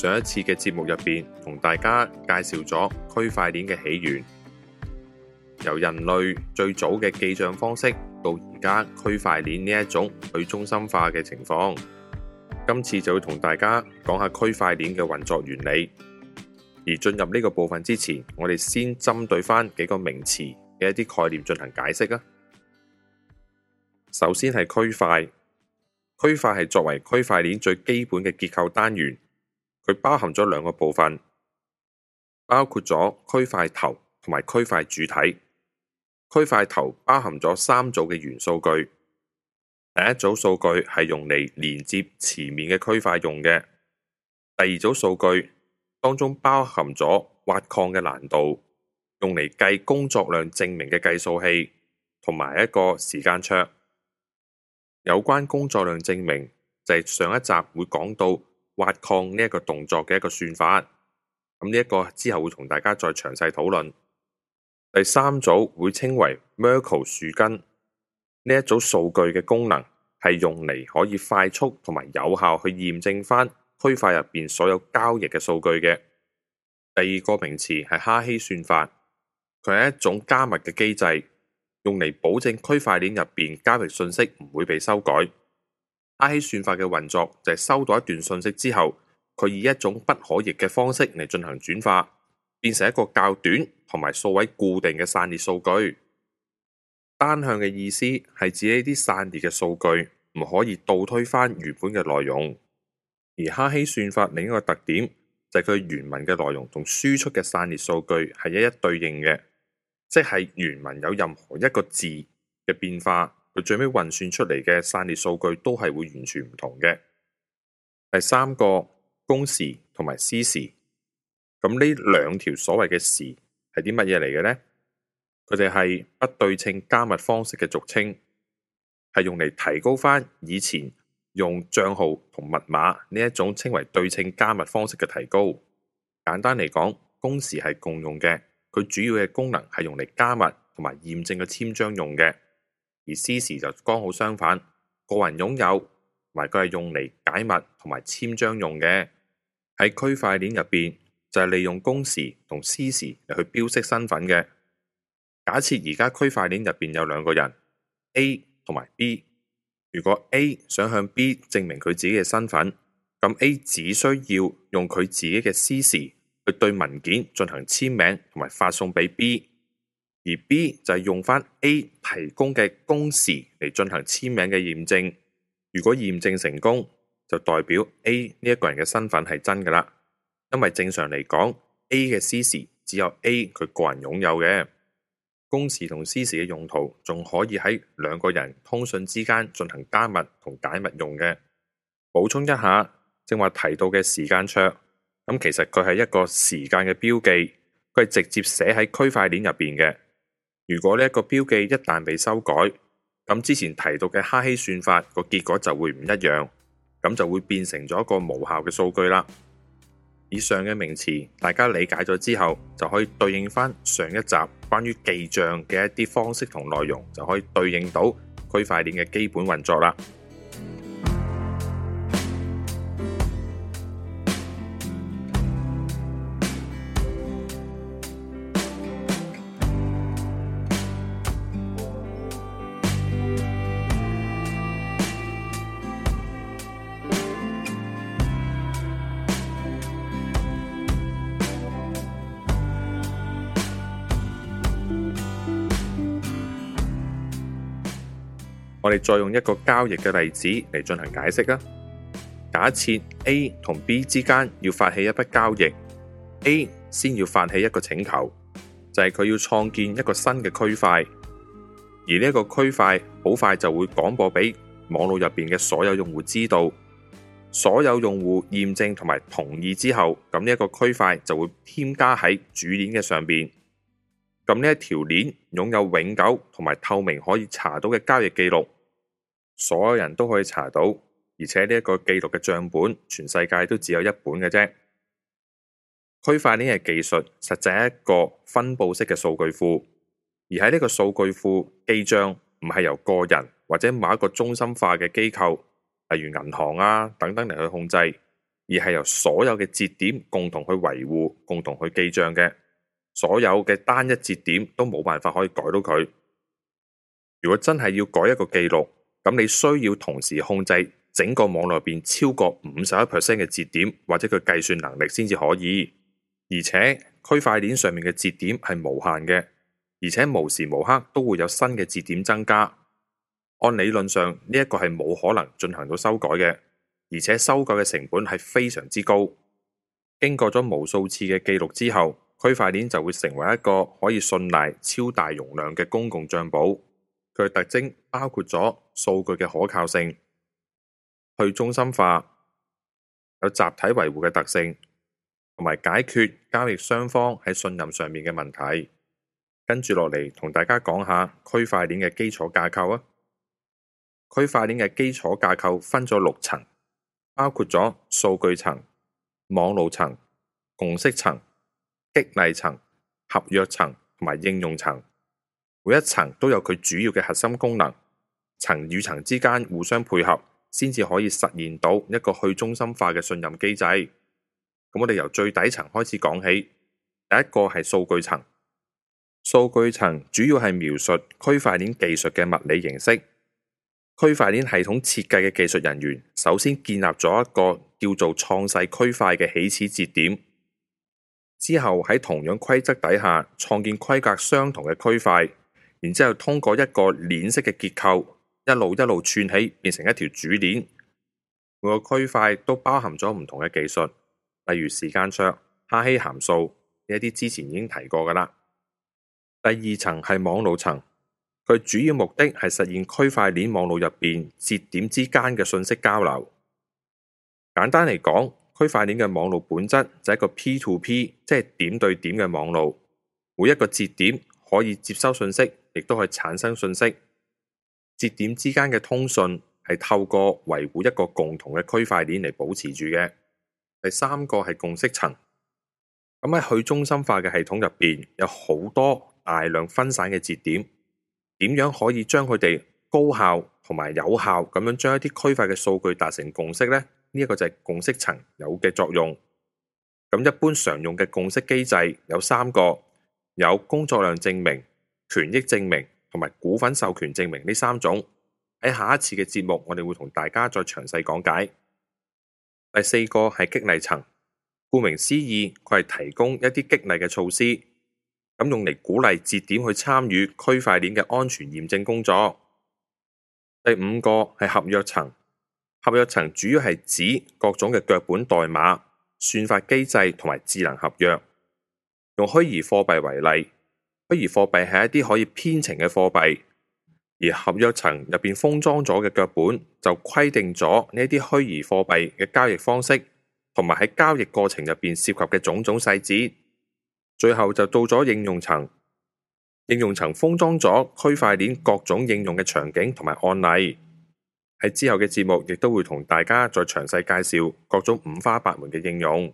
上一次嘅節目入邊，同大家介紹咗區塊鏈嘅起源，由人類最早嘅記賬方式到而家區塊鏈呢一種去中心化嘅情況。今次就會同大家講下區塊鏈嘅運作原理。而進入呢個部分之前，我哋先針對翻幾個名詞嘅一啲概念進行解釋啊。首先係區塊，區塊係作為區塊鏈最基本嘅結構單元。佢包含咗兩個部分，包括咗區塊頭同埋區塊主體。區塊頭包含咗三組嘅元數據，第一組數據係用嚟連接前面嘅區塊用嘅，第二組數據當中包含咗挖礦嘅難度，用嚟計工作量證明嘅計數器，同埋一個時間戳。有關工作量證明就係、是、上一集會講到。挖礦呢一個動作嘅一個算法，咁呢一個之後會同大家再詳細討論。第三組會稱為 Merkle 樹根。呢一組數據嘅功能係用嚟可以快速同埋有效去驗證翻區塊入邊所有交易嘅數據嘅。第二個名詞係哈希算法，佢係一種加密嘅機制，用嚟保證區塊鏈入邊加密信息唔會被修改。哈希算法嘅運作就係收到一段信息之後，佢以一種不可逆嘅方式嚟進行轉化，變成一個較短同埋數位固定嘅散列數據。單向嘅意思係指呢啲散列嘅數據唔可以倒推返原本嘅內容。而哈希算法另一個特點就係佢原文嘅內容同輸出嘅散列數據係一一對應嘅，即係原文有任何一個字嘅變化。佢最尾運算出嚟嘅散列數據都係會完全唔同嘅。第三個公匙同埋私匙，咁呢兩條所謂嘅匙係啲乜嘢嚟嘅呢？佢哋係不對稱加密方式嘅俗稱，係用嚟提高翻以前用帳號同密碼呢一種稱為對稱加密方式嘅提高。簡單嚟講，公匙係共用嘅，佢主要嘅功能係用嚟加密同埋驗證嘅簽章用嘅。而私匙就剛好相反，個人擁有，埋佢係用嚟解密同埋簽章用嘅。喺區塊鏈入邊就係利用公匙同私匙嚟去標識身份嘅。假設而家區塊鏈入邊有兩個人 A 同埋 B，如果 A 想向 B 證明佢自己嘅身份，咁 A 只需要用佢自己嘅私匙去對文件進行簽名，同埋發送俾 B。而 B 就係用翻 A 提供嘅公匙嚟進行簽名嘅驗證，如果驗證成功，就代表 A 呢一個人嘅身份係真㗎喇。因為正常嚟講，A 嘅私匙只有 A 佢個人擁有嘅。公匙同私匙嘅用途仲可以喺兩個人通訊之間進行加密同解密用嘅。補充一下，正話提到嘅時間戳，咁其實佢係一個時間嘅標記，佢係直接寫喺區塊鏈入邊嘅。如果呢一個標記一旦被修改，咁之前提到嘅哈希算法，那個結果就會唔一樣，咁就會變成咗一個無效嘅數據啦。以上嘅名詞大家理解咗之後，就可以對應翻上上一集關於記賬嘅一啲方式同內容，就可以對應到區塊鏈嘅基本運作啦。我哋再用一個交易嘅例子嚟進行解釋啊。假設 A 同 B 之間要發起一筆交易，A 先要發起一個請求，就係佢要創建一個新嘅區塊，而呢個區塊好快就會廣播俾網絡入邊嘅所有用戶知道，所有用戶驗證同埋同意之後，咁呢個區塊就會添加喺主鏈嘅上邊。咁呢一條鏈擁有永久同埋透明，可以查到嘅交易記錄，所有人都可以查到，而且呢一個記錄嘅帳本，全世界都只有一本嘅啫。區塊鏈嘅技術，實際係一個分布式嘅數據庫，而喺呢個數據庫記帳唔係由個人或者某一個中心化嘅機構，例如銀行啊等等嚟去控制，而係由所有嘅節點共同去維護、共同去記帳嘅。所有嘅單一節點都冇辦法可以改到佢。如果真係要改一個記錄，咁你需要同時控制整個網絡入邊超過五十一 percent 嘅節點，或者佢計算能力先至可以。而且區塊鏈上面嘅節點係無限嘅，而且無時無刻都會有新嘅節點增加。按理論上呢一個係冇可能進行到修改嘅，而且修改嘅成本係非常之高。經過咗無數次嘅記錄之後。區塊鏈就會成為一個可以信賴超大容量嘅公共帳簿。佢嘅特徵包括咗數據嘅可靠性、去中心化、有集體維護嘅特性，同埋解決交易雙方喺信任上面嘅問題。跟住落嚟，同大家講下區塊鏈嘅基礎架構啊。區塊鏈嘅基礎架構分咗六層，包括咗數據層、網絡層、共識層。激勵層、合約層同埋應用層，每一層都有佢主要嘅核心功能。層與層之間互相配合，先至可以實現到一個去中心化嘅信任機制。咁我哋由最底層開始講起，第一個係數據層。數據層主要係描述區塊鏈技術嘅物理形式。區塊鏈系統設計嘅技術人員首先建立咗一個叫做創世區塊嘅起始節點。之後喺同樣規則底下創建規格相同嘅區塊，然之後通過一個鏈式嘅結構，一路一路串起變成一條主鏈。每個區塊都包含咗唔同嘅技術，例如時間戳、哈希函數呢一啲，之前已經提過㗎喇。第二層係網路層，佢主要目的係實現區塊鏈網路入邊節點之間嘅信息交流。簡單嚟講，區塊鏈嘅網絡本質就係一個 P to P，即係點對點嘅網絡。每一個節點可以接收信息，亦都可以產生信息。節點之間嘅通訊係透過維護一個共同嘅區塊鏈嚟保持住嘅。第三個係共識層。咁喺去中心化嘅系統入邊，有好多大量分散嘅節點，點樣可以將佢哋高效同埋有效咁樣將一啲區塊嘅數據達成共識呢？呢個就係共識層有嘅作用。咁一般常用嘅共識機制有三個，有工作量證明、權益證明同埋股份授權證明呢三種。喺下一次嘅節目，我哋會同大家再詳細講解。第四個係激勵層，顧名思義，佢係提供一啲激勵嘅措施，咁用嚟鼓勵節點去參與區塊鏈嘅安全驗證工作。第五個係合約層。合約層主要係指各種嘅腳本代碼、算法機制同埋智能合約。用虛擬貨幣為例，虛擬貨幣係一啲可以編程嘅貨幣，而合約層入邊封裝咗嘅腳本就規定咗呢啲虛擬貨幣嘅交易方式，同埋喺交易過程入邊涉及嘅種種細節。最後就到咗應用層，應用層封裝咗區塊鏈各種應用嘅場景同埋案例。喺之後嘅節目，亦都會同大家再詳細介紹各種五花八門嘅應用。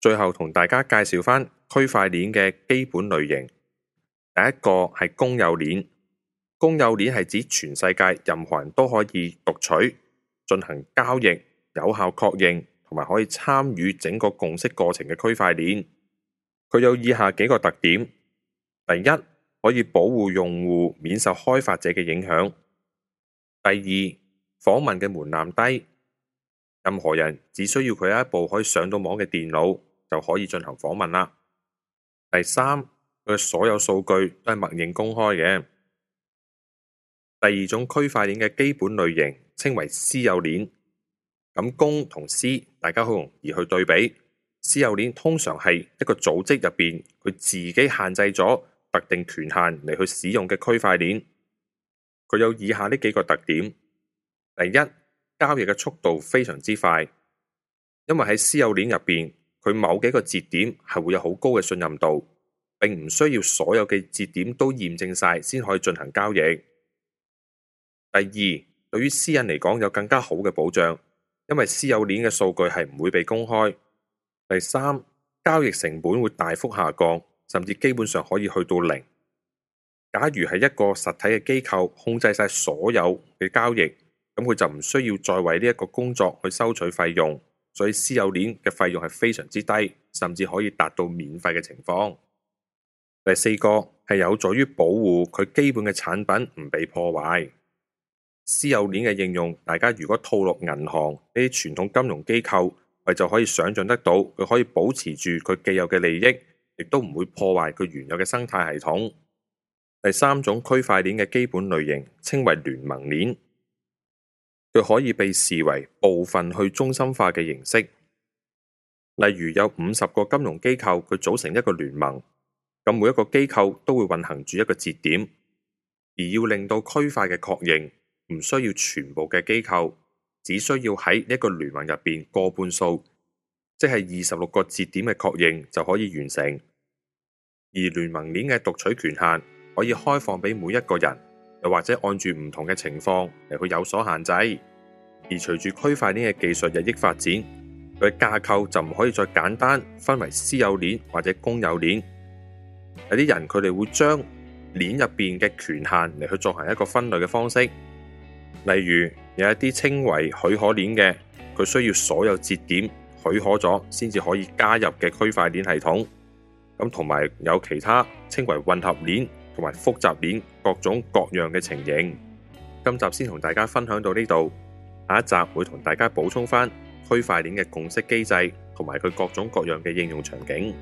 最後同大家介紹返區塊鏈嘅基本類型。第一個係公有鏈，公有鏈係指全世界任何人都可以讀取、進行交易、有效確認同埋可以參與整個共識過程嘅區塊鏈。佢有以下幾個特點：第一，可以保護用戶免受開發者嘅影響；第二，訪問嘅門檻低，任何人只需要佢一部可以上到網嘅電腦就可以進行訪問啦。第三，佢嘅所有數據都係默認公開嘅。第二種區塊鏈嘅基本類型稱為私有鏈，咁公同私大家好容易去對比。私有鏈通常係一個組織入邊佢自己限制咗特定權限嚟去使用嘅區塊鏈，佢有以下呢幾個特點。第一，交易嘅速度非常之快，因為喺私有鏈入邊，佢某幾個節點係會有好高嘅信任度，並唔需要所有嘅節點都驗證晒先可以進行交易。第二，對於私隱嚟講有更加好嘅保障，因為私有鏈嘅數據係唔會被公開。第三，交易成本會大幅下降，甚至基本上可以去到零。假如係一個實體嘅機構控制晒所有嘅交易。咁佢就唔需要再為呢一個工作去收取費用，所以私有鏈嘅費用係非常之低，甚至可以達到免費嘅情況。第四個係有助於保護佢基本嘅產品唔被破壞。私有鏈嘅應用，大家如果套落銀行呢啲傳統金融機構，咪就可以想象得到佢可以保持住佢既有嘅利益，亦都唔會破壞佢原有嘅生態系統。第三種區塊鏈嘅基本類型稱為聯盟鏈。佢可以被視為部分去中心化嘅形式，例如有五十個金融機構佢組成一個聯盟，咁每一個機構都會運行住一個節點，而要令到區塊嘅確認唔需要全部嘅機構，只需要喺一個聯盟入邊過半數，即係二十六個節點嘅確認就可以完成，而聯盟鏈嘅讀取權限可以開放俾每一個人。又或者按住唔同嘅情況嚟去有所限制，而隨住區塊鏈嘅技術日益發展，佢嘅架構就唔可以再簡單分為私有鏈或者公有鏈。有啲人佢哋會將鏈入邊嘅權限嚟去作一個分類嘅方式，例如有一啲稱為許可鏈嘅，佢需要所有節點許可咗先至可以加入嘅區塊鏈系統。咁同埋有其他稱為混合鏈。同埋複雜鏈各種各樣嘅情形，今集先同大家分享到呢度，下一集會同大家補充返區塊鏈嘅共識機制同埋佢各種各樣嘅應用場景。